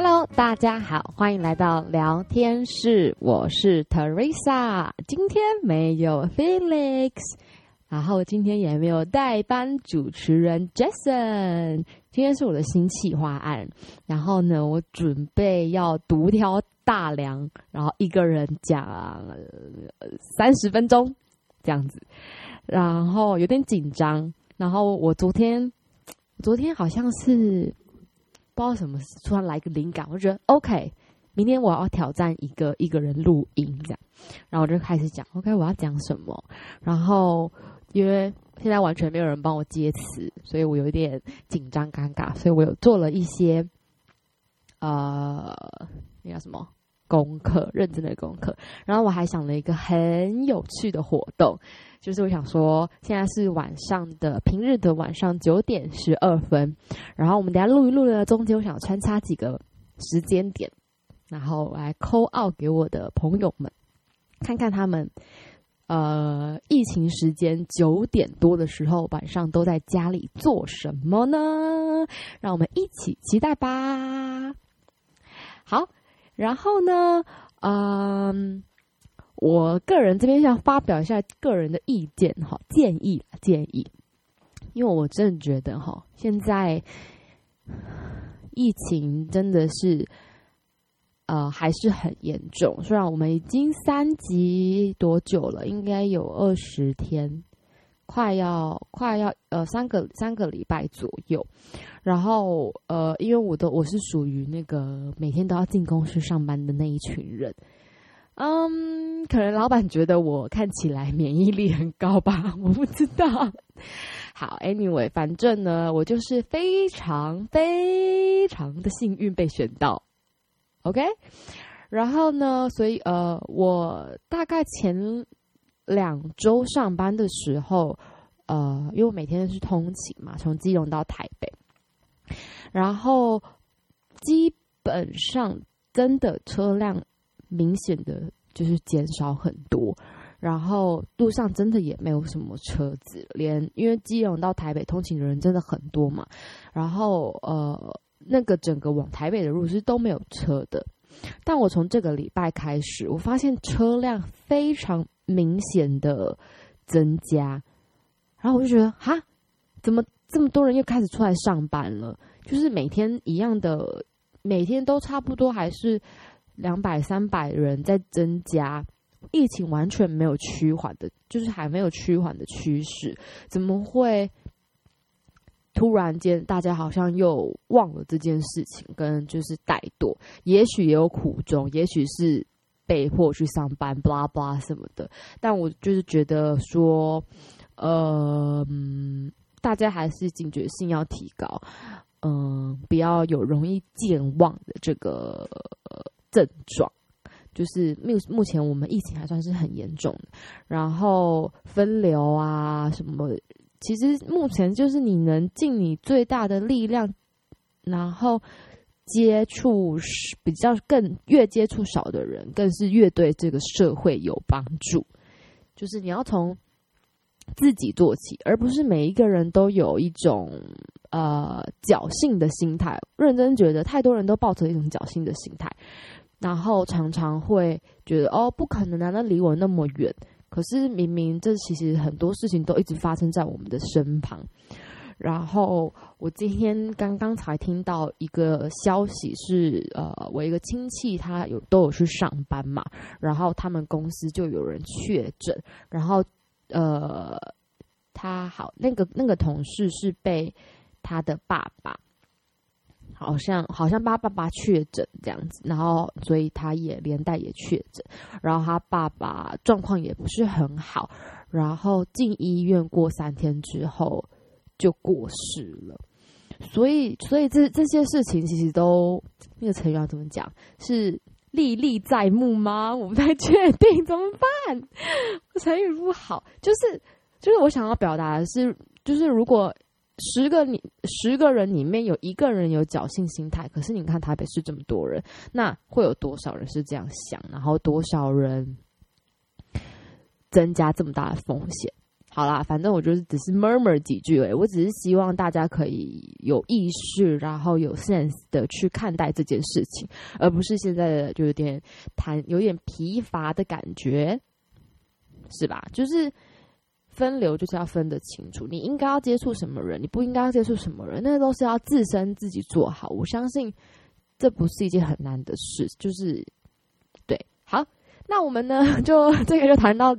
Hello，大家好，歡迎來到聊天室。我是 Teresa，今天沒有 Felix，然後今天也沒有代班主持人 Jason。今天是我的新企劃案，然後呢，我準備要獨挑大樑，然後一個人講三十分鐘這樣子，然後有點緊張。然後我昨天，昨天好像是。不知道什麼突然來個靈感，我覺得 OK，明天我要挑戰一個一個人錄音這樣，然後我就開始講 OK 我要講什麼，然後因為現在完全沒有人幫我接詞，所以我有一點緊張尷尬，所以我有做了一些，呃，那叫什麼？功課，認真的功課，然後我還想了一個很有趣的活動，就是我想說，現在是晚上的平日的晚上九點十二分，然後我們等下錄一錄的中間，我想穿插幾個時間點，然後來 call out 給我的朋友們，看看他們，呃，疫情時間九點多的時候晚上都在家裡做什麼呢？讓我們一起期待吧。好。然後呢，嗯，我個人這邊想要發表一下個人的意見哈，建議建議，因為我真的覺得哈，現在疫情真的是呃還是很嚴重，雖然我們已經三級多久了，應該有二十天。快要快要呃三個三個禮拜左右，然後呃，因為我的我是屬於那個每天都要進公司上班的那一群人，嗯，可能老闆覺得我看起來免疫力很高吧，我不知道。好，anyway，反正呢，我就是非常非常的幸運被選到，OK。然後呢，所以呃，我大概前。兩週上班的時候，呃，因為我每天都是通勤嘛，從基隆到台北，然後基本上真的車輛明顯的就是減少很多，然後路上真的也沒有什麼車子，連因為基隆到台北通勤的人真的很多嘛，然後呃，那個整個往台北的路是都沒有車的，但我從這個禮拜開始，我發現車輛非常。明顯的增加，然後我就覺得，哈，怎麼這麼多人又開始出來上班了？就是每天一樣的，每天都差不多，還是兩百、三百人在增加，疫情完全沒有趨緩的，就是還沒有趨緩的趨勢，怎麼會突然間大家好像又忘了這件事情，跟就是怠惰，也許也有苦衷，也許是。被迫去上班，巴拉巴拉什麼的，但我就是覺得說，呃，嗯、大家還是警覺性要提高，嗯、呃，不要有容易健忘的這個、呃、症狀。就是目目前我們疫情還算是很嚴重的，然後分流啊什麼的，其實目前就是你能盡你最大的力量，然後。接觸比較更，越接觸少的人，更是越對這個社會有幫助。就是你要從自己做起，而不是每一個人都有一種呃僥幸的心態。認真覺得太多人都抱着一種僥幸的心態，然後常常會覺得哦不可能啊，那離我那麼遠。可是明明這其實很多事情都一直發生在我們的身旁。然後我今天剛剛才聽到一個消息是，是呃，我一個親戚他有都有去上班嘛，然後他們公司就有人確診，然後呃，他好那個那個同事是被他的爸爸，好像好像他爸爸確診這樣子，然後所以他也連帶也確診，然後他爸爸狀況也不是很好，然後進醫院過三天之後。就過世了，所以，所以這這些事情其實都那個成語要怎麼講？是歷歷在目嗎？我不太確定，怎麼辦？成語不好，就是就是我想要表達的是，就是如果十個你十個人裡面有一個人有僥倖心態，可是你看台北市這麼多人，那會有多少人是這樣想？然後多少人增加這麼大的風險？好啦，反正我就是只是 murmur 幾句欸，我只是希望大家可以有意識，然後有 sense 的去看待這件事情，而不是現在就有點談，有點疲乏的感覺，是吧？就是分流就是要分得清楚，你應該要接觸什麼人，你不應該要接觸什麼人，那都是要自身自己做好。我相信這不是一件很難的事，就是。那我們呢？就這個就談到，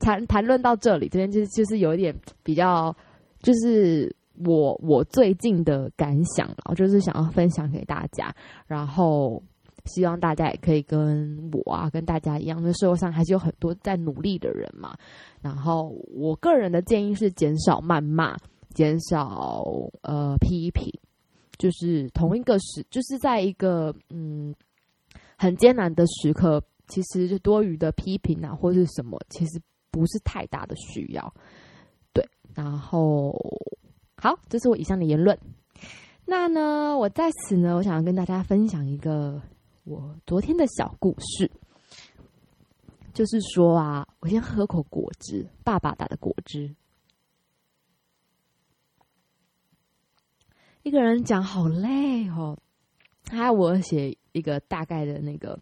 談談論到這裡，這邊就就是有一點比較，就是我我最近的感想，然後就是想要分享給大家，然後希望大家也可以跟我啊跟大家一樣，因為社會上還是有很多在努力的人嘛。然後我個人的建議是：減少謾罵，減少呃批評，就是同一個時，就是在一個嗯很艱難的時刻。其實就多餘的批評啊，或是什麼，其實不是太大的需要。對，然後好，這是我以上的言論。那呢，我在此呢，我想要跟大家分享一個我昨天的小故事。就是說啊，我先喝口果汁，爸爸打的果汁。一個人講好累哦，還要我寫一個大概的那個。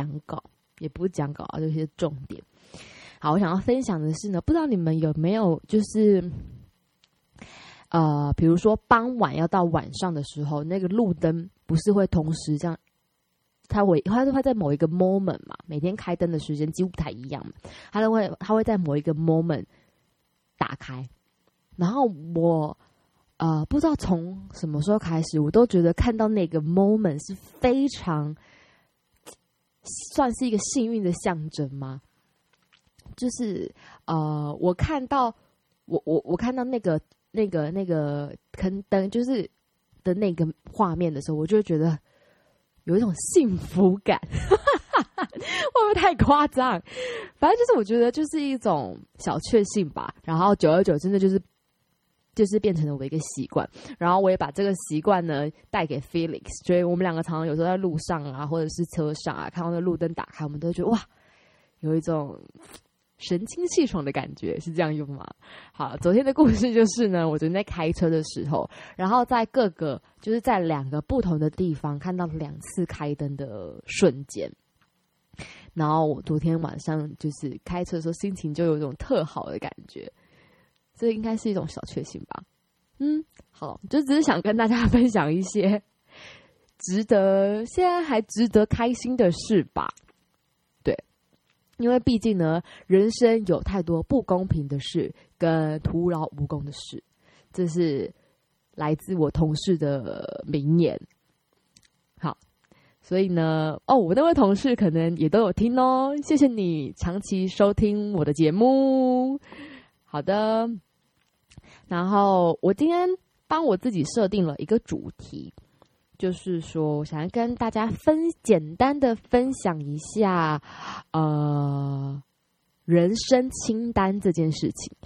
講稿也不是講稿啊，這些重點。好，我想要分享的是呢，不知道你們有沒有就是，呃，比如說傍晚要到晚上的時候，那個路燈不是會同時這樣，它會它會在某一個 moment 嘛，每天開燈的時間幾乎不太一樣，它都會它會在某一個 moment 打開。然後我呃不知道從什麼時候開始，我都覺得看到那個 moment 是非常。算是一個幸運的象徵嗎？就是呃，我看到我我我看到那個那個那個坑燈，就是的那個畫面的時候，我就覺得有一種幸福感， 會不會太誇張？反正就是我覺得就是一種小確幸吧。然後久而久之呢，就是。就是變成了我一個習慣，然後我也把這個習慣呢帶給 Felix，所以我們兩個常常有時候在路上啊，或者是車上啊，看到那路燈打開，我們都覺得哇，有一種神清氣爽的感覺，是這樣用嗎？好，昨天的故事就是呢，我昨天在開車的時候，然後在各個就是在兩個不同的地方看到兩次開燈的瞬間，然後我昨天晚上就是開車的時候，心情就有一種特好的感覺。這應該是一種小確幸吧。嗯，好，就只是想跟大家分享一些值得現在還值得開心的事吧。對，因為畢竟呢，人生有太多不公平的事跟徒勞無功的事，這是來自我同事的名言。好，所以呢，哦，我那位同事可能也都有聽哦。謝謝你長期收聽我的節目。好的。然後，我今天幫我自己設定了一個主題，就是說，我想要跟大家分簡單的分享一下，呃，人生清單這件事情。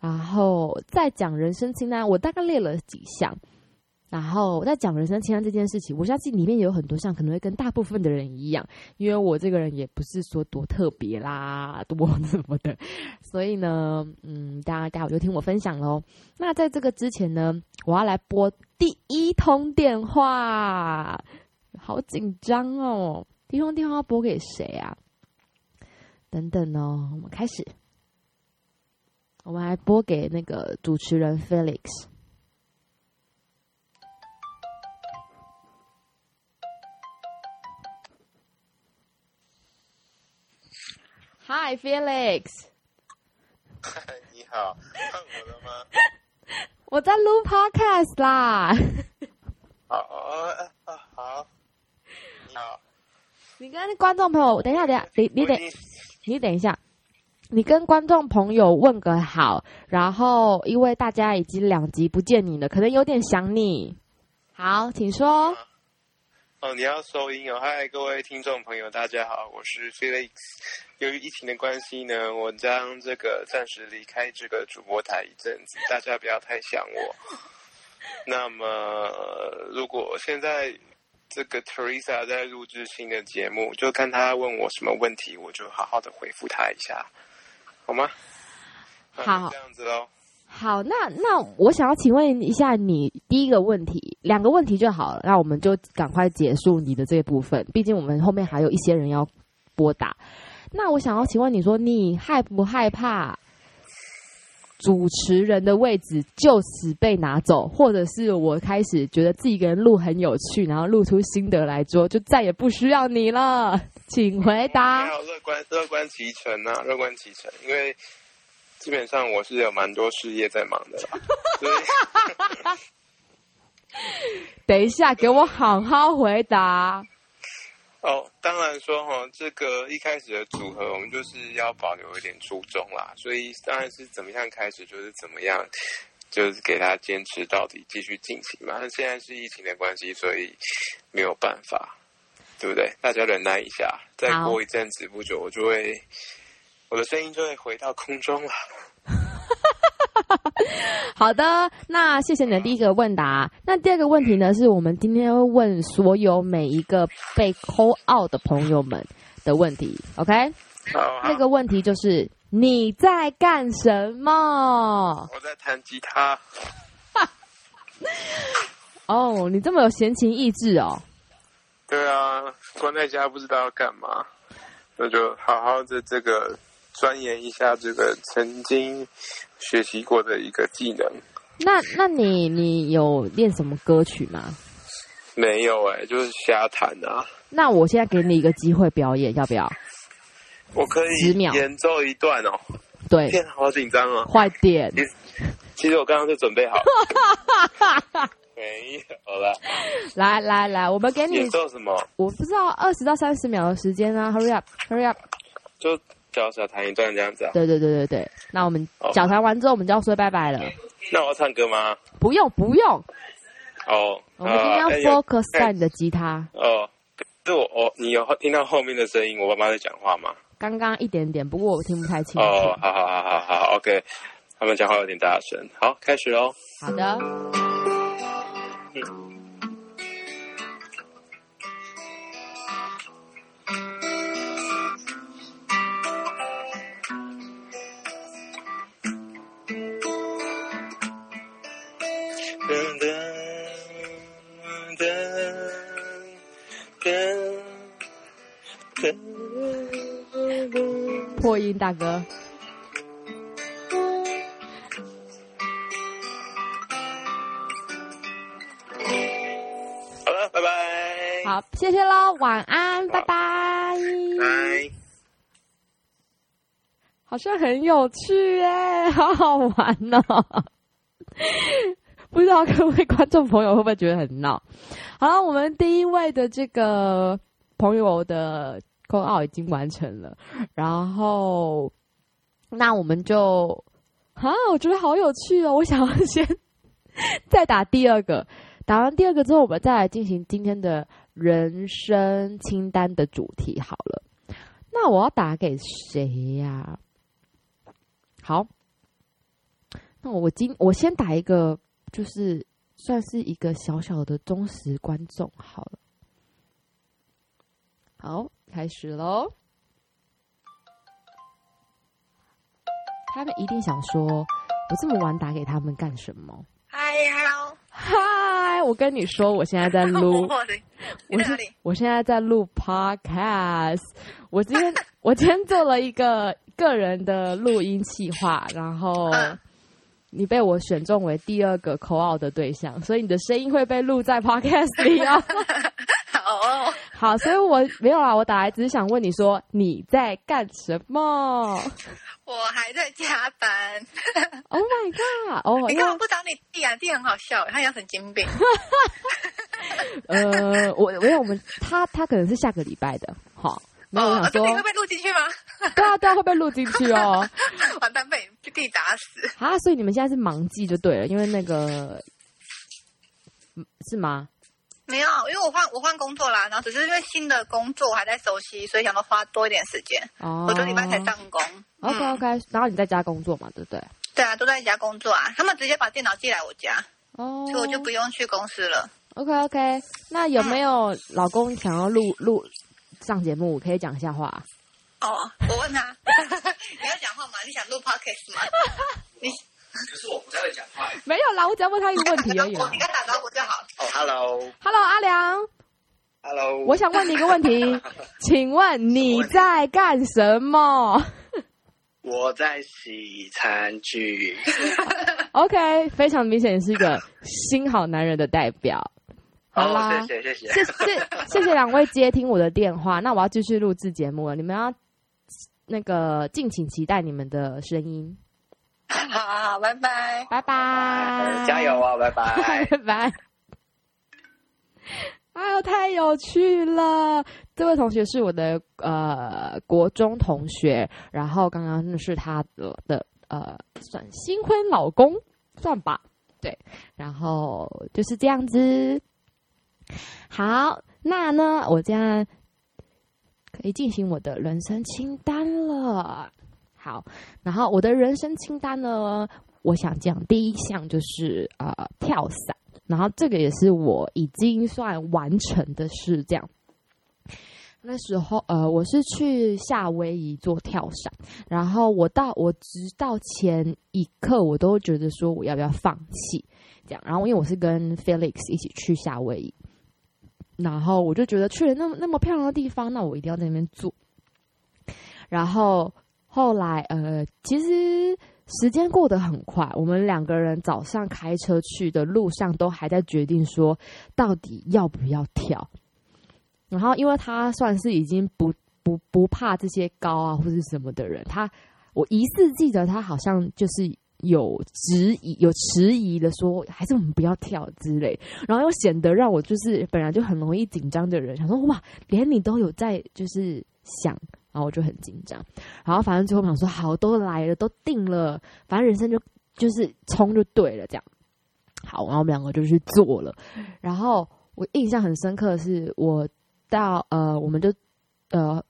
然後再講人生清單，我大概列了幾項。然後我在講人生清單這件事情，我相信裡面也有很多像可能會跟大部分的人一樣，因為我這個人也不是說多特別啦，多什麼的，所以呢，嗯，大家待會就聽我分享嘍。那在這個之前呢，我要來撥第一通電話，好緊張哦！第一通電話要撥給誰啊？等等哦，喔，我們開始，我們來撥給那個主持人 Felix。Hi Felix， 你好，看我了嗎？ 我在錄 podcast 啦。哦哦哦，好，好。你跟觀眾朋友，等一下，等一下， 你你等，你等一下。你跟觀眾朋友問個好，然後因為大家已經兩集不見你了，可能有點想你。 好，請說。 哦，你要收音哦！嗨，各位聽眾朋友，大家好，我是 Felix。由於疫情的關係呢，我將這個暫時離開這個主播台一陣子，大家不要太想我。那麼，呃，如果現在這個 Teresa 在錄製新的節目，就看她問我什麼問題，我就好好的回復她一下，好嗎？好。嗯，這樣子嘍。好，那那我想要請問一下你第一個問題，兩個問題就好了。那我們就趕快結束你的這部分，畢竟我們後面還有一些人要撥打。那我想要請問你說，你害不害怕主持人的位置就此被拿走，或者是我開始覺得自己一個人錄很有趣，然後露出心得來說，就再也不需要你了？請回答。你好，樂觀，樂觀其成啊，樂觀其成，因為。基本上我是有蠻多事業在忙的，所以 等一下給我好好回答。哦， 當然說哈，這個一開始的組合我們就是要保留一點初衷啦，所以當然是怎麼樣開始就是怎麼樣，就是給他堅持到底，繼續進行嘛。那現在是疫情的關係，所以沒有辦法，對不對？大家忍耐一下，再過一陣子不久好，我就會。我的聲音終於回到空中了。 好的，那謝謝你的第一個問答。那第二個問題呢？是我們今天會問所有每一個被扣 a 的朋友們的問題。OK，、啊、那個問題就是你在幹什麼？我在彈吉他。哈，哦，你這麼有閒情逸致哦。對啊，關在家不知道要幹嘛，那就好好的這個。鑽研一下這個曾經學習過的一個技能。那那你你有練什麼歌曲嗎？嗯、沒有哎、欸，就是瞎彈的、啊。那我現在給你一個機會表演，要不要？ 我可以十秒演奏一段哦、喔。對，現在好緊張啊！快點。其實我剛剛就準備好。沒有了。 okay, 來來來，我們給你演奏什麼？我不知道，二十到三十秒的時間啊！Hurry up，Hurry up，, hurry up 就。教小彈一段這樣子啊？對對對對對，那我們腳彈完之後，我們就要說拜拜了。哦、那我要唱歌嗎？不用不用。不用哦，我們今天要 focus 在你的吉他。欸欸欸、哦，是我哦，你有聽到後面的聲音？我爸媽在講話嗎？剛剛一點點，不過我聽不太清楚。楚、哦。好好好好好，OK。他們講話有點大聲，好，開始嘍。好的。嗯。破音大哥，好了，拜拜。好，謝謝嘍，晚安，好拜拜。Bye 好像很有趣欸，好好玩喔。不知道各位觀眾朋友會不會覺得很鬧？好了，我們第一位的這個朋友的 call out 已經完成了，然後那我們就啊，我覺得好有趣哦！我想要先再打第二個，打完第二個之後，我們再來進行今天的人生清單的主題。好了，那我要打給誰呀啊？好，那我今我先打一個。就是算是一個小小的忠實觀眾好了，好，好開始嘍。他們一定想說，我這麼晚打給他們幹什麼？嗨呀！嗨！我跟你說，我現在在錄，我是我現在在錄 Podcast。我今天我今天做了一個個人的錄音企劃，然後。你被我選中為第二個 call out 的對象，所以你的聲音會被錄在 podcast 裡、啊、 好哦。好，所以我沒有啊，我打來只是想問你說你在幹什麼？ 我還在加班。 Oh my God！哦，你、oh, 看、欸、yeah 不找你弟啊，弟很好笑，他有很，很神經病。 呃，我，我， 我們，他，他可能是下個禮拜的，好。我、哦、想說，會被錄進去嗎？對啊，對啊，會被錄錄進去哦？ 完蛋被，被被你打死啊！所以你們現在是忙季就對了，因為那個是嗎？沒有，因為我換我換工作啦，然後只是因為新的工作我還在熟悉，所以想要花多一點時間。哦，我都禮拜才上工。哦、嗯、OK OK，然後你在家工作嘛，對不對？對啊，都在家工作啊，他們直接把電腦寄來我家，哦、所以我就不用去公司了。OK OK，那有沒有老公想要錄、嗯、錄？上節目我可以講一下話。哦，oh, 我問他，你要講話嗎？你想錄 podcast 嗎？ 你可是我不太會講話。沒有啦，我只要問他一個問題而已 你跟他打招呼就好了。Hello，Hello，oh, hello, 阿良。Hello，我想問你一個問題，請問你在幹什麼？我在洗餐具。 OK，非常明顯你是一個新好男人的代表。好，oh, 哦、謝謝謝謝、啊、謝謝 謝謝兩位接聽我的電話，那我要繼續錄製節目了。你們要那個敬請期待你們的聲音。好，啊、好，拜拜拜拜，拜，拜、呃，加油啊！拜拜 拜，拜。拜、哎呦，太有趣了！這位同學是我的呃國中同學，然後剛剛是他的的呃算新婚老公算吧，對，然後就是這樣子。好，那呢，我將可以進行我的人生清單了。好，然後我的人生清單呢，我想講第一項就是呃跳傘，然後這個也是我已經算完成的事。這樣，那時候呃我是去夏威夷做跳傘，然後我到我直到前一刻，我都覺得說我要不要放棄這樣，然後因為我是跟 Felix 一起去夏威夷。然後我就覺得去了那麼那麼漂亮的地方，那我一定要在那邊住。然後後來呃，其實時間過得很快，我們兩個人早上開車去的路上都還在決定說到底要不要跳。然後因為他算是已經不不不怕這些高啊或者什麼的人，他我依稀記得他好像就是。有質疑，有遲疑的說，還是我們不要跳之類，然後又顯得讓我就是本來就很容易緊張的人，想說哇，連你都有在就是想，然後我就很緊張，然後反正最後想說，好，都來了，都定了，反正人生就就是衝就對了，這樣，好，然後我們兩個就去做了，然後我印象很深刻的是，我到呃，我們就呃。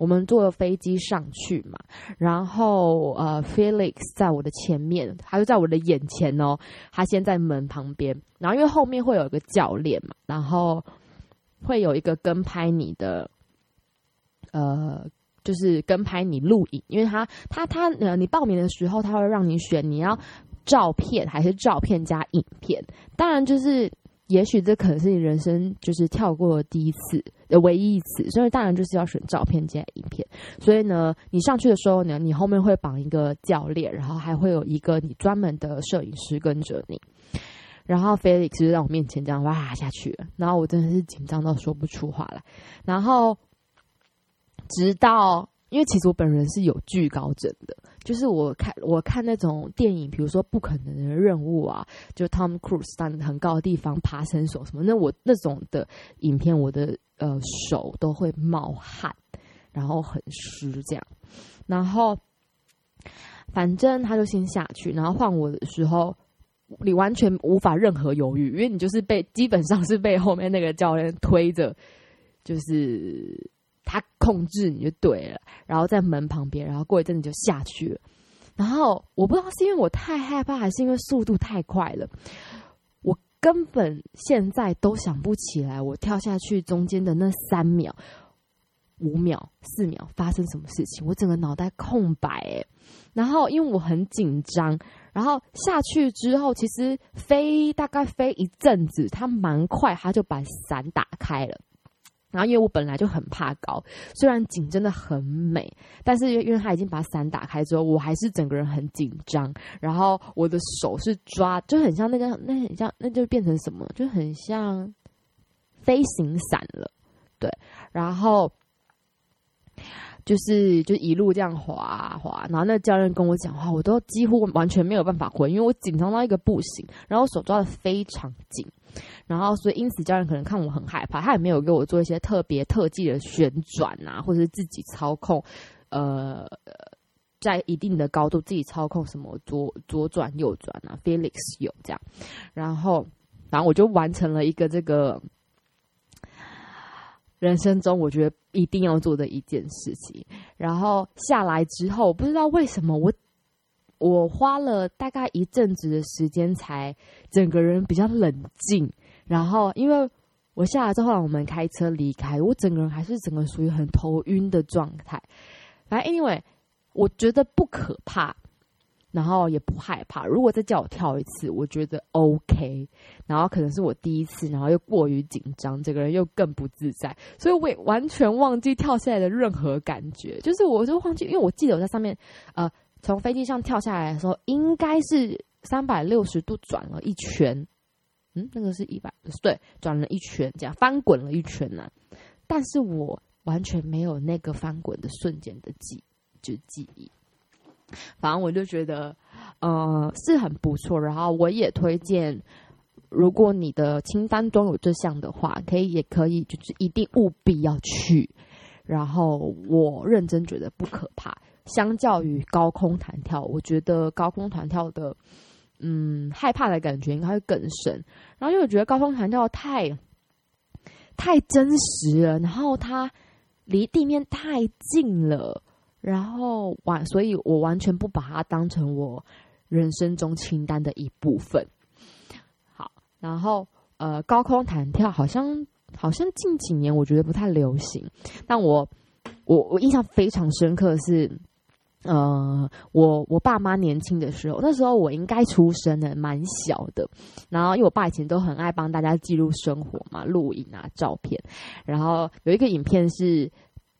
我們坐飛機上去嘛，然後呃，Felix 在我的前面，他就在我的眼前哦。他先在門旁邊，然後因為後面會有一個教練嘛，然後會有一個跟拍你的，呃，就是跟拍你錄影。因為他他他呃，你報名的時候，他會讓你選你要照片還是照片加影片。當然就是。也許這可能是你人生就是跳過的第一次，呃，唯一一次。所以當然就是要選照片加影片。所以呢，你上去的時候呢，你後面會綁一個教練，然後還會有一個你專門的攝影師跟着你。然後 Felix 就在我面前這樣哇下去了，然後我真的是緊張到說不出話來。然後直到，因為其實我本人是有懼高症的。就是我看我看那種電影，比如說《不可能的任務》啊，就 Tom Cruise 上很高的地方爬繩索什麼，那我那種的影片，我的呃手都會冒汗，然後很濕這樣。然後反正他就先下去，然後換我的時候，你完全無法任何猶豫，因為你就是被基本上是被後面那個教練推着，就是。他控制你就對了，然後在門旁邊，然後過一陣子就下去了。然後我不知道是因為我太害怕，還是因為速度太快了，我根本現在都想不起來我跳下去中間的那三秒、五秒、四秒發生什麼事情，我整個腦袋空白哎、欸。然後因為我很緊張，然後下去之後其實飛大概飛一陣子，它蠻快，它就把傘打開了。然後，因為我本來就很怕高，雖然景真的很美，但是因為因為他已經把傘打開之後，我還是整個人很緊張。然後我的手是抓，就很像那個，那很像，那就變成什麼，就很像飛行傘了，對。然後就是就一路這樣滑滑，然後那個教練跟我講話，哦，我都幾乎完全沒有辦法回，因為我緊張到一個不行，然後我手抓得非常緊。然後，所以因此，教練可能看我很害怕，他也沒有給我做一些特別特技的旋轉啊，或者是自己操控，呃，在一定的高度自己操控什麼左左轉右轉啊。Felix 有這樣，然後，然後我就完成了一個這個人生中我覺得一定要做的一件事情。然後下來之後，我不知道為什麼我。我花了大概一陣子的時間，才整個人比較冷靜。然後，因為我下來之後，我們開車離開，我整個人還是整個屬於很頭暈的狀態。反正，因為我覺得不可怕，然後也不害怕。如果再叫我跳一次，我覺得 OK。然後可能是我第一次，然後又過於緊張，整個人又更不自在，所以我也完全忘記跳下來的任何感覺。就是，我就忘記，因為我記得我在上面，呃。從飛機上跳下來的時候，應該是三百六十度轉了一圈。嗯，那個是一百，對，轉了一圈，這樣翻滾了一圈呢、啊。但是我完全沒有那個翻滾的瞬間的記憶，就是、記憶。反正我就覺得，呃，是很不錯。然後我也推薦，如果你的清單中有這項的話，可以也可以，就是一定務必要去。然後我認真覺得不可怕。相較於高空彈跳，我覺得高空彈跳的，嗯，害怕的感覺應該會更深。然後因為我覺得高空彈跳太太真實了，然後它離地面太近了，然後完，所以我完全不把它當成我人生中清單的一部分。好，然後呃，高空彈跳好像好像近幾年我覺得不太流行，但我我我印象非常深刻的是。呃，我我爸媽年輕的時候，那時候我應該出生的蠻小的，然後因爲我爸以前都很愛幫大家記錄生活嘛，錄影啊、照片，然後有一個影片是，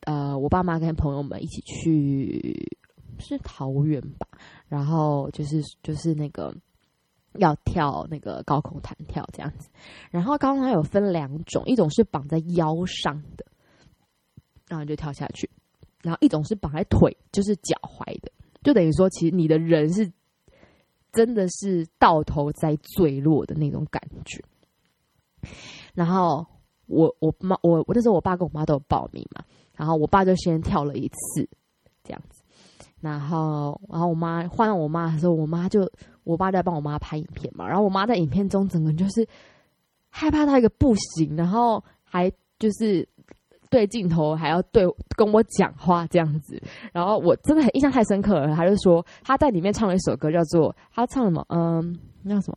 呃，我爸媽跟朋友們一起去是桃園吧，然後就是就是那個要跳那個高空彈跳這樣子，然後高空彈跳有分兩種，一種是綁在腰上的，然後就跳下去。然後一種是綁在腿，就是腳踝的，就等於說，其實你的人是，真的是到頭在墜落的那種感覺。然後我我媽我我那時候我爸跟我媽都有報名嘛，然後我爸就先跳了一次，這樣子。然後然後我媽換了我媽的時候，我媽就我爸在幫我媽拍影片嘛，然後我媽在影片中整個人就是害怕到一個不行，然後還就是。對鏡頭還要對跟我講話這樣子，然後我真的很印象太深刻了。他就說他在裡面唱了一首歌，叫做他唱了什麼？嗯，那什麼？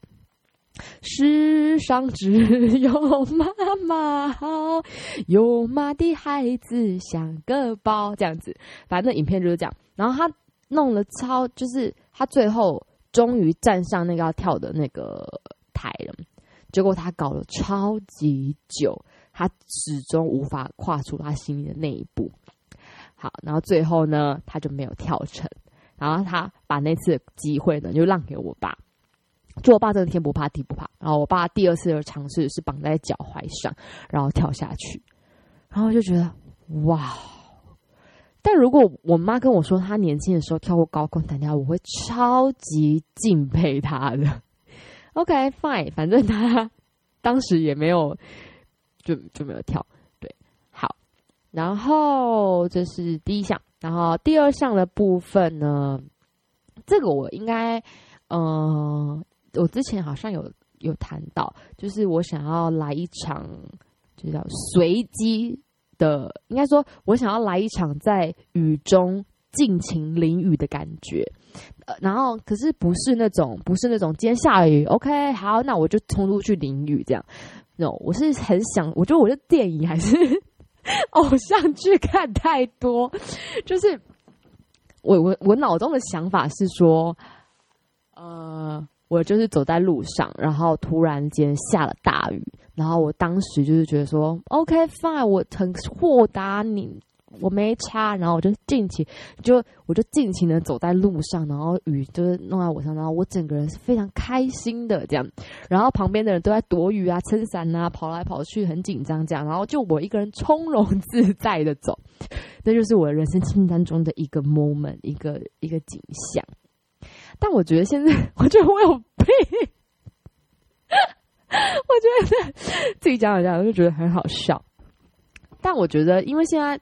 世上只有媽媽好，哦，有媽的孩子像個寶。這樣子，反正影片就是這樣。然後他弄了超，就是他最後終於站上那個要跳的那個台了，結果他搞了超級久。他始終無法跨出他心裡的那一步。好，然後最後呢，他就沒有跳成。然後他把那次的機會呢，就讓給我爸。就我爸這個天不怕地不怕。然後我爸第二次的嘗試是綁在腳踝上，然後跳下去。然後我就覺得哇！但如果我媽跟我說她年輕的時候跳過高空彈跳，我會超級敬佩她的。OK，fine，、okay，反正他當時也沒有。就就沒有跳，對，好，然後這是第一項，然後第二項的部分呢？這個我應該，嗯、呃，我之前好像有有談到，就是我想要來一場，就叫隨機的，應該說，我想要來一場在雨中盡情淋雨的感覺、呃，然後可是不是那種，不是那種今天下雨，OK，好，那我就衝出去淋雨這樣。No，我是很想，我覺得我的電影還是偶像劇看太多，就是我我我腦中的想法是說，呃，我就是走在路上，然後突然間下了大雨，然後我當時就是覺得說，OK fine，我很豁達你。我沒差，然後我就盡情就我就盡情的走在路上，然後雨就是弄在我身上，然後我整個人是非常開心的這樣。然後旁邊的人都在躲雨啊、撐傘啊、跑來跑去，很緊張這樣。然後就我一個人從容自在的走，這就是我的人生清單中的一個 moment，一個一個景象。但我覺得現在，我覺得我有病， 我覺得自己講講講我就覺得很好笑。但我覺得，因為現在。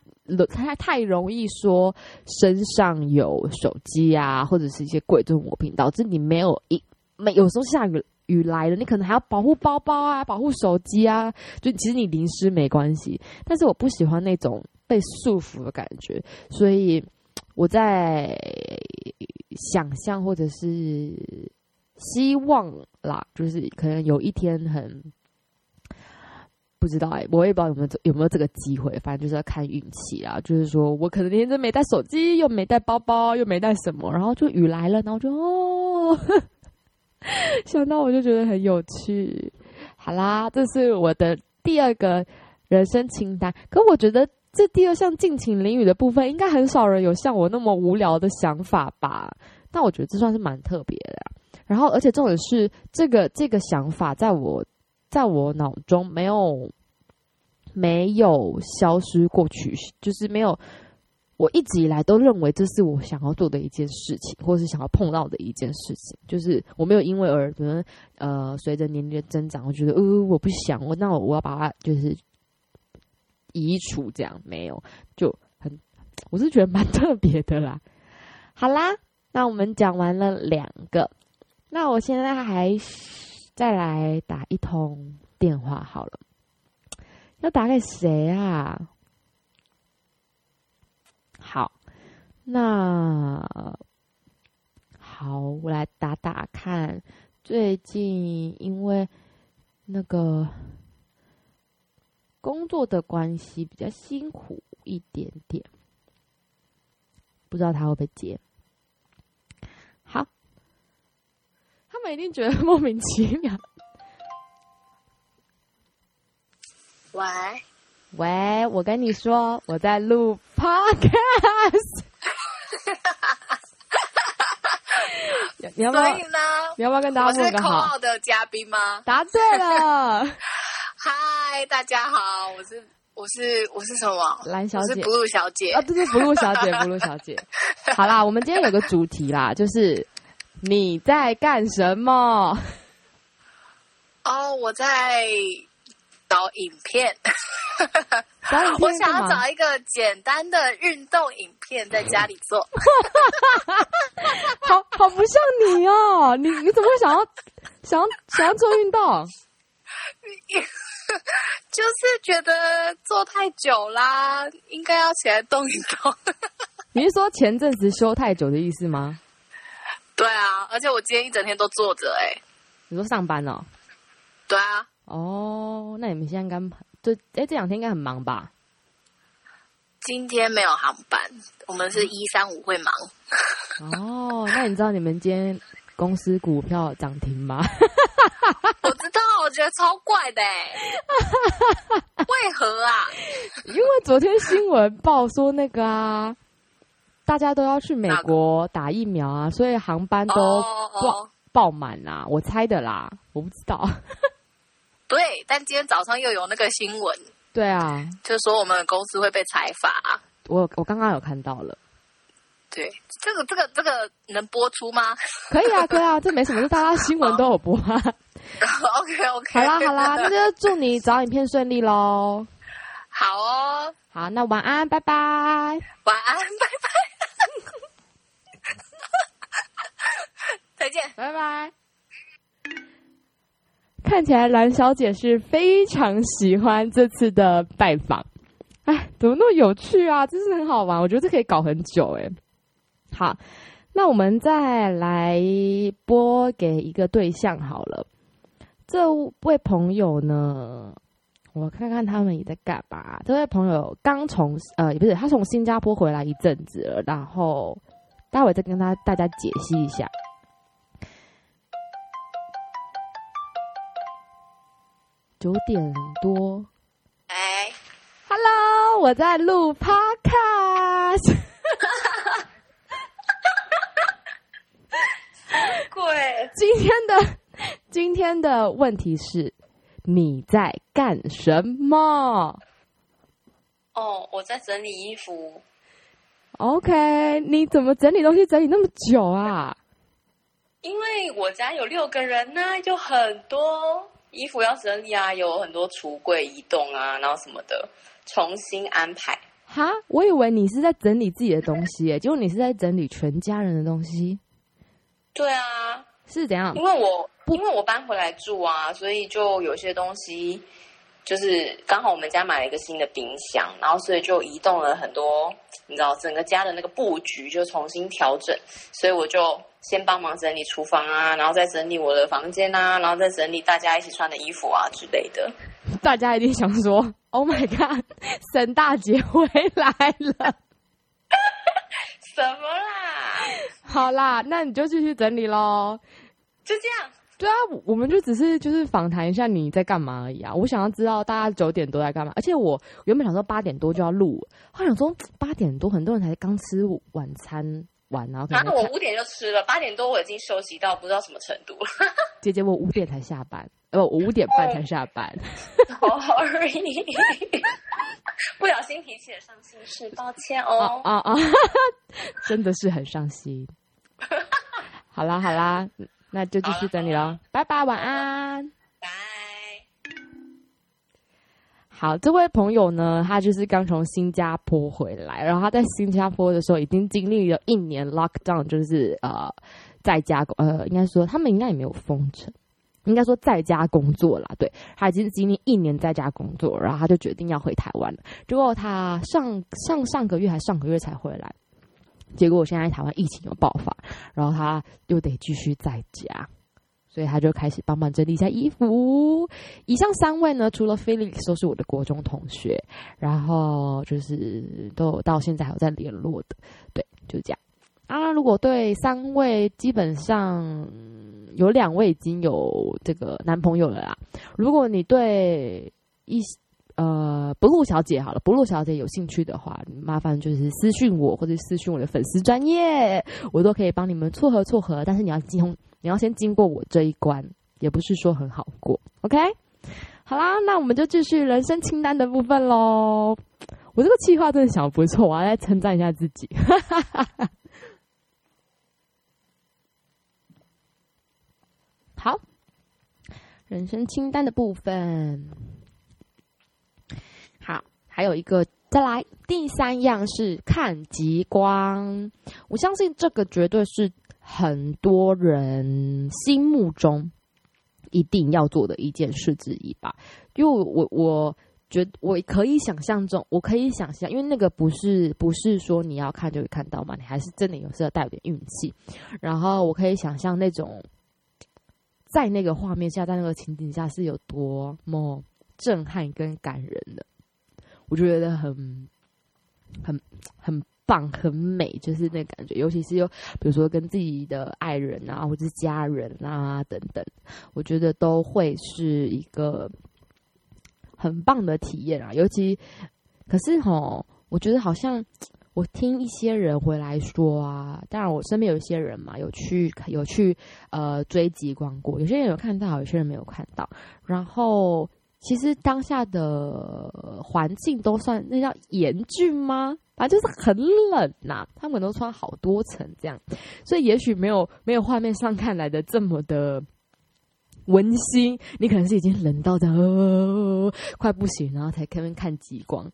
太太容易說身上有手機啊，或者是一些貴重物品，導致你沒有一沒有時候下雨，雨來了，你可能還要保護包包啊，保護手機啊。就其實你淋濕沒關係，但是我不喜歡那種被束縛的感覺，所以我在想象或者是希望啦，就是可能有一天很。不知道哎、欸，我也不知道有沒有有沒有這個機會，反正就是要看運氣啊。就是說我可能那天真沒帶手機，又沒帶包包，又沒帶什麼，然後就雨來了，然後我就哦呵呵，想到我就覺得很有趣。好啦，這是我的第二個人生清單。可我覺得這第二項“盡情淋雨”的部分，應該很少人有像我那麼無聊的想法吧？但我覺得這算是蠻特別的。然後，而且重點是，這個這個想法在我。在我腦中沒有，沒有消失過去，就是沒有。我一直以來都認為這是我想要做的一件事情，或是想要碰到的一件事情。就是我沒有因為而可能呃，隨着年齡的增長，我覺得呃我不想，我那我要把它就是移除，這樣沒有就很，我是覺得蠻特別的啦。好啦，那我們講完了兩個，那我現在還。再來打一通電話好了，要打給誰啊？好，那好，我來打打看。最近因為那個工作的關係比較辛苦一點點，不知道他會不會接。他們一定覺得莫名其妙。喂，喂，我跟你說，我在錄 podcast。哈哈哈，你要不要？你要不要跟大家問個好？我是口號的嘉賓嗎？答對了。嗨， 大家好，我是我是我是什麼？藍小姐？不露小姐？啊、哦，對，對對，不露小姐，不露小姐。 好啦，我們今天有個主題啦，就是。你在幹什麼？哦，oh, 我在找影片。 找影片，我想要找一個簡單的運動影片，在家裡做。 好好不像你哦、喔，你你怎麼會想要想要想要做運動？ 就是覺得坐太久啦，應該要起來動一動。 你是說前陣子休太久的意思嗎？對啊，而且我今天一整天都坐着哎、欸。你說上班哦、喔？對啊。哦，oh, 那你們現在剛就哎、欸，這兩天應該很忙吧？今天沒有航班，我們是一三五會忙。哦，oh, 那你知道你們今天公司股票漲停嗎？ 我知道，我覺得超怪的哎、欸。 為何啊？ 因為昨天新聞報說那個啊。大家都要去美國打疫苗啊，那個、所以航班都 oh, oh, oh. 爆滿啦、啊。我猜的啦，我不知道。 對，但今天早上又有那個新聞。對啊，就是說我們公司會被裁罰、啊。我我剛剛有看到了。對，這個這個這個能播出嗎？ 可以啊，可以啊，這沒什麼，大家新聞都有播、啊。Oh. Oh, OK OK，好啦好啦，那就祝你找影片順利嘍。 好哦，好，那晚安，拜拜。晚安，拜拜。再見 bye bye，拜拜。看起來藍小姐是非常喜歡這次的拜訪，哎，怎麼那麼有趣啊？真是很好玩，我覺得這可以搞很久哎、欸。好，那我們再來撥給一個對象好了。這位朋友呢，我看看他們也在幹嘛。這位朋友剛從呃，也不是他從新加坡回來一陣子了，然後待會再跟他大家解析一下。九點多，哎、欸、，Hello，我在錄 Podcast，哈哈哈哈哈哈哈哈！ 鬼。今天的今天的問題是，你在幹什麼？哦，oh, 我在整理衣服。OK，你怎麼整理東西整理那麼久啊？因為我家有六個人呢、啊，就很多。衣服要整理啊，有很多櫥櫃移動啊，然後什麼的，重新安排。哈，我以為你是在整理自己的東西、欸， 結果你是在整理全家人的東西。對啊，是怎樣？因為我因為我搬回來住啊，所以就有些東西。就是剛好我們家買了一個新的冰箱，然後所以就移動了很多，你知道整個家的那個布局就重新調整，所以我就先幫忙整理廚房啊，然後再整理我的房間啊，然後再整理大家一起穿的衣服啊之類的。大家一定想說：“Oh my god，沈大姐回來了！” 什麼啦？好啦，那你就繼續整理咯。就這樣。對啊，我們就只是就是訪談一下你在幹嘛而已啊。我想要知道大家九點多在幹嘛，而且我原本想說八點多就要錄，後想說八點多很多人才剛吃晚餐完，然後可能看啊。反正我五點就吃了，八點多我已經休息到不知道什麼程度了。姐姐，我五點才下班，呃，我五點半才下班。好，sorry，oh. oh, sorry 不小心提起了傷心事，抱歉哦。啊啊，真的是很傷心。好啦，好啦。那就繼續等你咯，拜拜，bye bye, 晚安。拜 Bye。好，這位朋友呢，他就是剛從新加坡回來，然後他在新加坡的時候已經經歷了一年 lock down，就是呃在家呃，應該說他們應該也沒有封城，應該說在家工作啦，對，他已經經歷一年在家工作，然後他就決定要回台灣了。結果他上上上個月還上個月才回來。結果我現在台灣疫情又爆發，然後他又得繼續在家，所以他就開始幫忙整理一下衣服。以上三位呢，除了菲利克斯都是我的國中同學，然後就是都有到現在還有在聯絡的。對，就這樣。啊，如果對三位，基本上有兩位已經有這個男朋友了啦。如果你對一。呃，不露小姐，好了，不露小姐有興趣的話，麻煩就是私訊我或者私訊我的粉絲專頁，我都可以幫你們撮合撮合。但是你要經，你要先經過我這一關，也不是說很好過，OK？好啦，那我們就繼續人生清單的部分嘍。我這個企劃真的想得不錯，我要來稱讚一下自己。 好，人生清單的部分。還有一個，再來，第三樣是看極光。我相信這個絕對是很多人心目中一定要做的一件事之一吧。因為我我覺得我可以想象中，我可以想象，因為那個不是不是說你要看就會看到嘛，你還是真的有時候帶有點運氣。然後我可以想象那種在那個畫面下，在那個情景下是有多麼震撼跟感人的。我就覺得很，很很棒，很美，就是那感覺。尤其是又比如說跟自己的愛人啊，或者是家人啊等等，我覺得都會是一個很棒的體驗啊。尤其，可是吼，我覺得好像我聽一些人回來說啊，當然我身邊有一些人嘛，有去有去呃追極光過，有些人有看到，有些人沒有看到，然後。其實當下的環境都算，那叫嚴峻嗎？反、啊、正就是很冷呐、啊，他們都穿好多層這樣，所以也許沒有沒有畫面上看來的這麼的溫馨。你可能是已經冷到的、哦、快不行，然後才開門，看極光。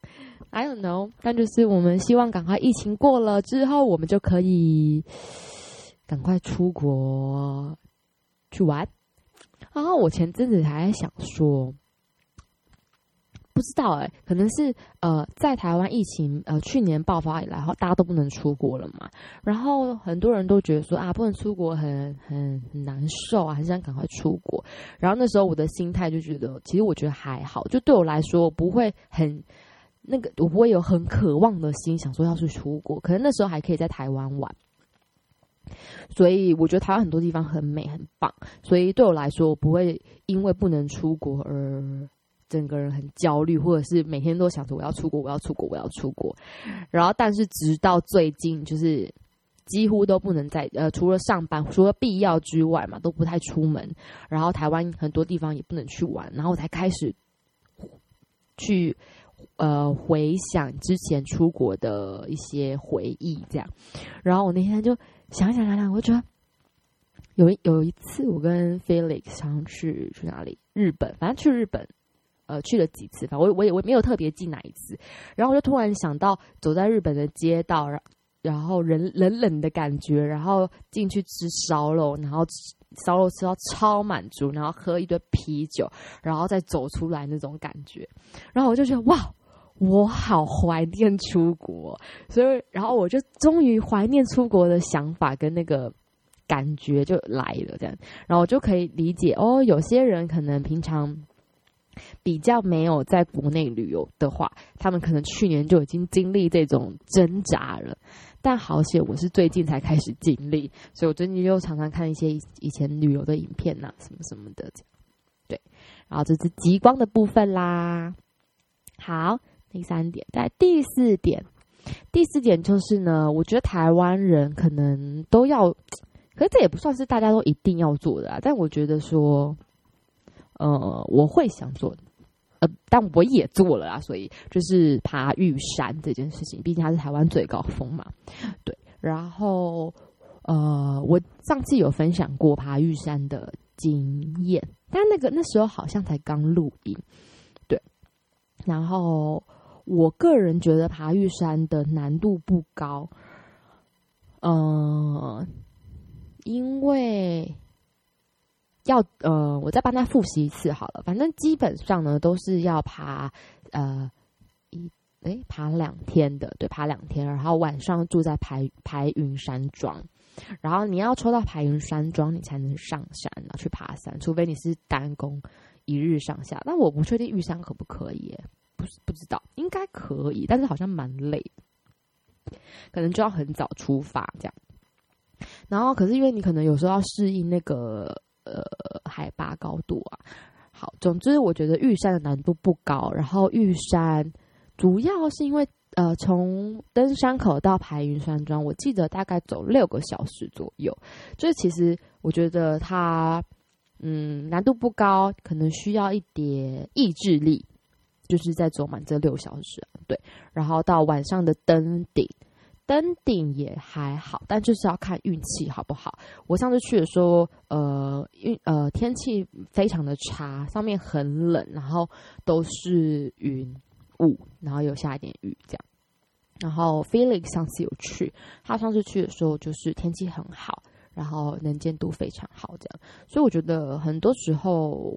I don't know。但就是我們希望趕快疫情過了之後，我們就可以趕快出國去玩。然後我前陣子還想說。不知道哎，可能是呃，在台灣疫情呃去年爆發以來，大家都不能出國了嘛，然後很多人都覺得說啊，不能出國很，很，很難受啊，很想趕快出國。然後那時候我的心態就覺得，其實我覺得還好，就對我來說我不會很那個，我不會有很渴望的心想說要去出國。可能那時候還可以在台灣玩，所以我覺得台灣很多地方很美很棒。所以對我來說，我不會因為不能出國而。整個人很焦慮，或者是每天都想着我要出國，我要出國，我要出國。然後，但是直到最近，就是幾乎都不能在呃，除了上班，除了必要之外嘛，都不太出門。然後，台灣很多地方也不能去玩。然後，我才開始去呃回想之前出國的一些回憶，這樣。然後我那天就想想想想我覺得有有一次我跟 Felix 想去去哪裡？日本，反正去日本。呃，去了幾次吧，反正我也我，我沒有特別記哪一次。然後我就突然想到，走在日本的街道，然然後人冷冷冷的感覺，然後進去吃燒肉，然後燒肉吃到超滿足，然後喝一堆啤酒，然後再走出來那種感覺。然後我就覺得哇，我好懷念出國。所以，然後我就終於懷念出國的想法跟那個感覺就來了，這樣。然後我就可以理解哦，有些人可能平常。比較沒有在國內旅遊的話，他們可能去年就已經經歷這種掙扎了。但好險，我是最近才開始經歷，所以我最近又常常看一些以前旅遊的影片吶、啊，什麼什麼的。對，然後這是極光的部分啦。好，第三點，再來第四點，第四點就是呢，我覺得台灣人可能都要，可是這也不算是大家都一定要做的啊。但我覺得說。呃，我會想做呃，但我也做了啊，所以就是爬玉山這件事情，畢竟它是台灣最高峰嘛，對。然後，呃，我上次有分享過爬玉山的經驗，但那個那時候好像才剛錄音。對。然後，我個人覺得爬玉山的難度不高，嗯、呃，因為。要呃，我再幫他複習一次好了。反正基本上呢，都是要爬呃一哎、欸、爬兩天的，對，爬兩天，然後晚上住在排排雲山莊。然後你要抽到排雲山莊，你才能上山然後去爬山。除非你是單攻一日上下，但我不確定玉山可不可以，不是不知道，應該可以，但是好像蠻累，可能就要很早出發這樣。然後可是因為你可能有時候要適應那個。呃，海拔高度啊，好，總之我覺得玉山的難度不高。然後玉山主要是因為呃，從登山口到排雲山莊，我記得大概走六個小時左右。就是其實我覺得它嗯難度不高，可能需要一點意志力，就是在走滿這六小時，啊、對，然後到晚上的登頂。登頂也還好，但就是要看運氣好不好。我上次去的時候，呃，運呃天氣非常的差，上面很冷，然後都是雲霧，然後有下一點雨這樣。然後 Felix 上次有去，他上次去的時候就是天氣很好，然後能見度非常好這樣。所以我覺得很多時候。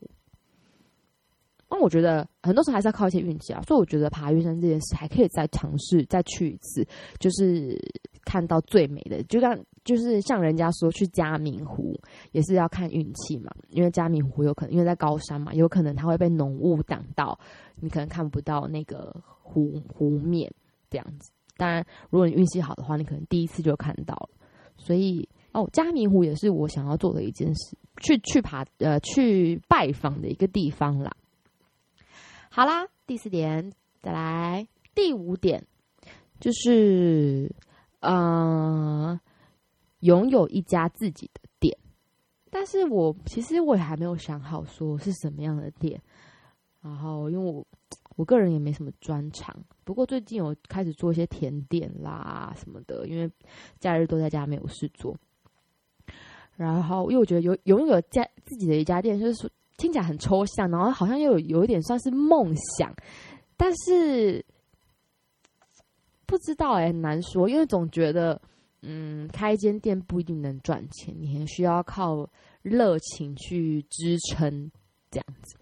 那、哦、我覺得很多時候還是要靠一些運氣啊，所以我覺得爬玉山這件事還可以再嘗試，再去一次，就是看到最美的，就像就是像人家說去嘉明湖也是要看運氣嘛，因為嘉明湖有可能因為在高山嘛，有可能它會被濃霧擋到，你可能看不到那個湖湖面這樣子。當然，如果你運氣好的話，你可能第一次就看到了。所以哦，嘉明湖也是我想要做的一件事，去去爬呃去拜訪的一個地方啦。好啦，第四點再來，第五點就是，嗯、呃，擁有一家自己的店。但是我其實我也還沒有想好說是什麼樣的店。然後，因為我我個人也沒什麼專長，不過最近我開始做一些甜點啦什麼的，因為假日都在家沒有事做。然後，因為我覺得有擁有家自己的一家店，就是說。聽起來很抽象，然後好像又有，有一點算是夢想，但是不知道哎、欸，很難說，因為總覺得嗯，開一間店不一定能賺錢，你還需要靠熱情去支撐這樣子。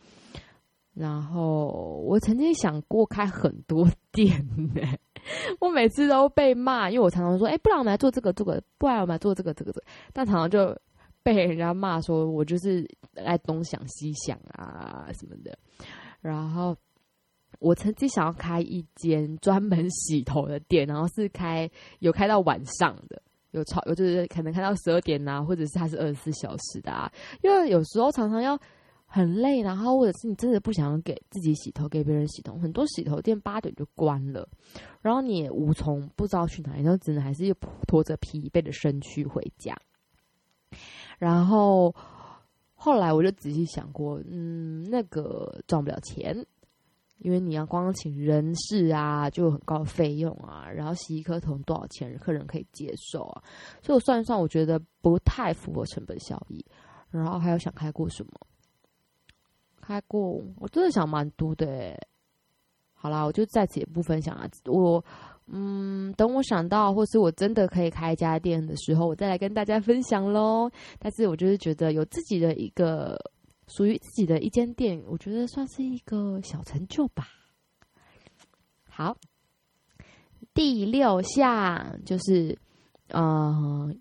然後我曾經想過開很多店呢、欸，我每次都被罵，因為我常常說，哎、欸，不然我們來做這個，這個不然我們來做這個，這個，這，但常常就。被人家罵說，我就是愛東想西想啊什麼的。然後我曾經想要開一間專門洗頭的店，然後是開有開到晚上的，有超有就是可能開到十二點吶，啊，或者是他是二十四小時的啊。因為有時候常常要很累，然後或者是你真的不想給自己洗頭，給別人洗頭，很多洗頭店八點就關了，然後你也無從不知道去哪裡，然後只能還是又拖着疲憊的身軀回家。然後，後來我就仔細想過，嗯，那個賺不了錢，因為你要光請人事啊，就有很高的費用啊，然後洗一顆頭多少錢，客人可以接受啊，所以我算一算，我覺得不太符合成本效益。然後還有想開過什麼？開過，我真的想蠻多的，欸。好啦，我就在此也不分享了，啊。我。嗯，等我想到，或是我真的可以開一家店的時候，我再來跟大家分享嘍。但是我就是覺得有自己的一個屬於自己的一間店，我覺得算是一個小成就吧。好，第六項就是，嗯、呃、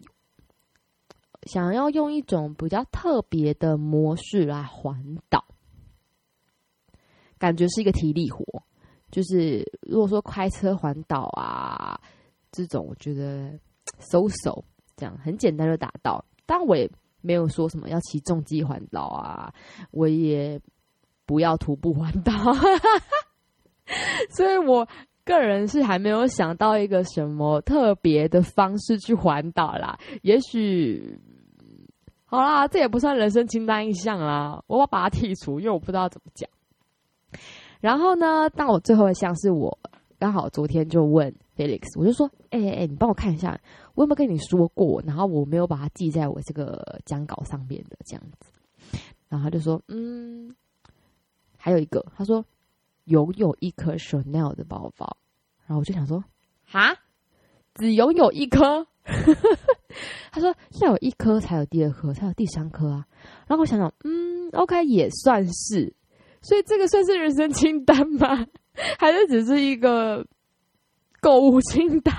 想要用一種比較特別的模式來環島，感覺是一個體力活。就是如果說開車環島啊，這種我覺得 so so，這樣很簡單就達到。但我也沒有說什麼要騎重機環島啊，我也不要徒步環島。 所以我個人是還沒有想到一個什麼特別的方式去環島啦。也許好啦，這也不算人生清單一項啦，我要把它剔除，因為我不知道要怎麼講。然後呢，當我最後一項是我剛好昨天就問 Felix，我就說：“哎哎哎，你幫我看一下，我有沒有跟你說過？然後我沒有把它記在我這個講稿上面的這樣子。”然後他就說：“嗯，還有一個。”他說：“擁有一顆 Chanel 的包包。”然後我就想說：“哈，只擁有一顆？” 他說：“要有一顆才有第二顆，才有第三顆啊。”然後我想想：“嗯，OK，也算是。”所以這個算是人生清單嗎？還是只是一個購物清單？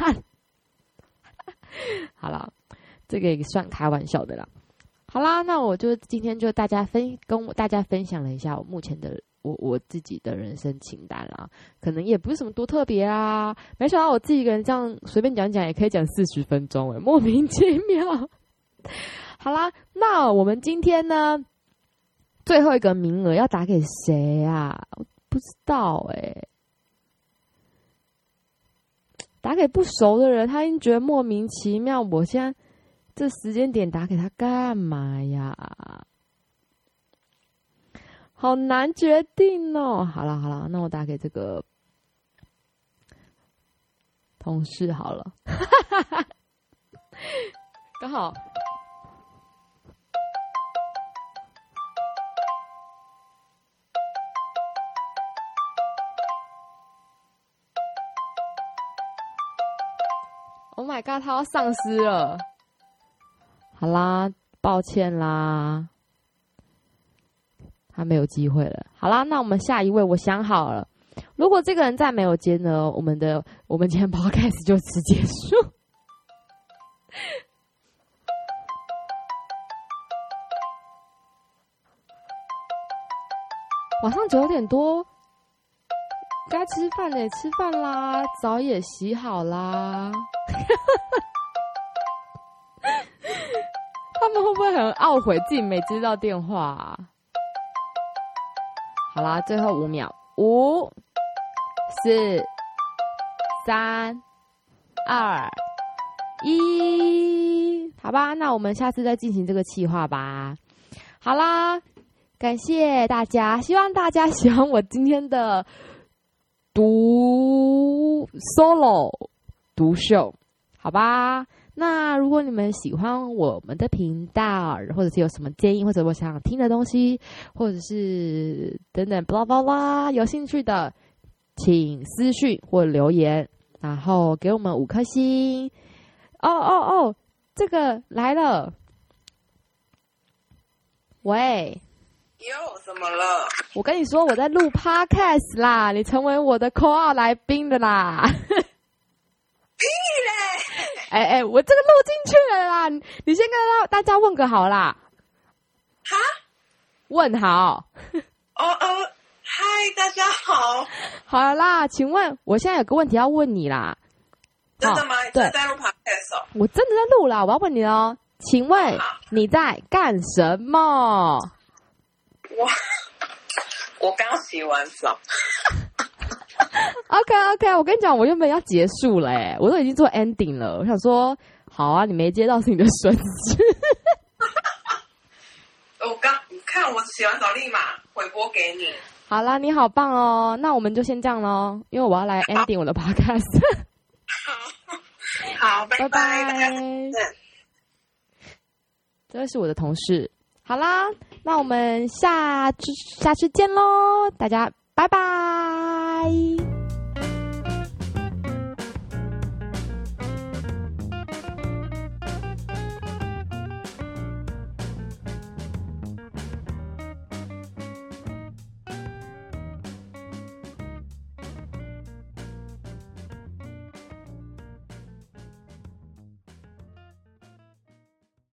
好了，這個也算開玩笑的啦。好啦，那我就今天就大家分跟大家分享了一下我目前的我我自己的人生清單啦、啊，可能也不是什麼多特別啊。沒想到我自己一個人這樣隨便講講，也可以講四十分鐘誒、欸，莫名其妙。好啦，那我們今天呢，最後一個名額要打給誰啊？不知道哎、欸，打給不熟的人，他已經覺得莫名其妙。我現在這時間點打給他幹嘛呀？好難決定哦、喔。好了好了，那我打給這個同事好了。哈哈哈，剛好。Oh my god，他要喪失了！好啦，抱歉啦，他沒有機會了。好啦，那我們下一位，我想好了，如果這個人再沒有接呢，我們的我們今天 podcast 就此結束。 晚上九點多。大家吃飯嘞，吃飯啦，澡也洗好啦。 他們會不會很懊悔自己沒接到電話啊？好啦，最後五秒，五、四、三、二、一，好吧，那我們下次再進行這個企劃吧。好啦，感謝大家，希望大家喜歡我今天的。獨 solo 獨秀，好吧。那如果你們喜歡我們的頻道，或者是有什麼建議，或者我想聽的東西，或者是等等巴拉巴拉，有興趣的，請私訊或留言，然後給我們五顆星。哦哦哦，這個來了。喂。又怎麼了？我跟你說，我在錄 podcast 啦，啊、你成為我的 call out 來賓的啦。屁 嘞！哎哎、欸欸，我這個錄進去了啦。你,你先跟大大家問個好啦。哈？問好。哦哦，嗨，大家好。好了啦，請問，我現在有個問題要問你啦。真的嗎？Oh, 哦、對，在錄 podcast 我真的在錄啦。我要問你哦，請問、啊、你在幹什麼？我我剛洗完澡。 OK OK，我跟你講，我原本要結束了。我都已經做 ending 了。我想說，好啊，你沒接到是你的損失。 我剛看我洗完澡，立馬回播給你。好啦，你好棒哦，那我們就先這樣嘍，因為我要來 ending 我的 podcast 好。 好，拜拜。這是我的同事。好啦。那我們下次下次見嘍，大家拜拜。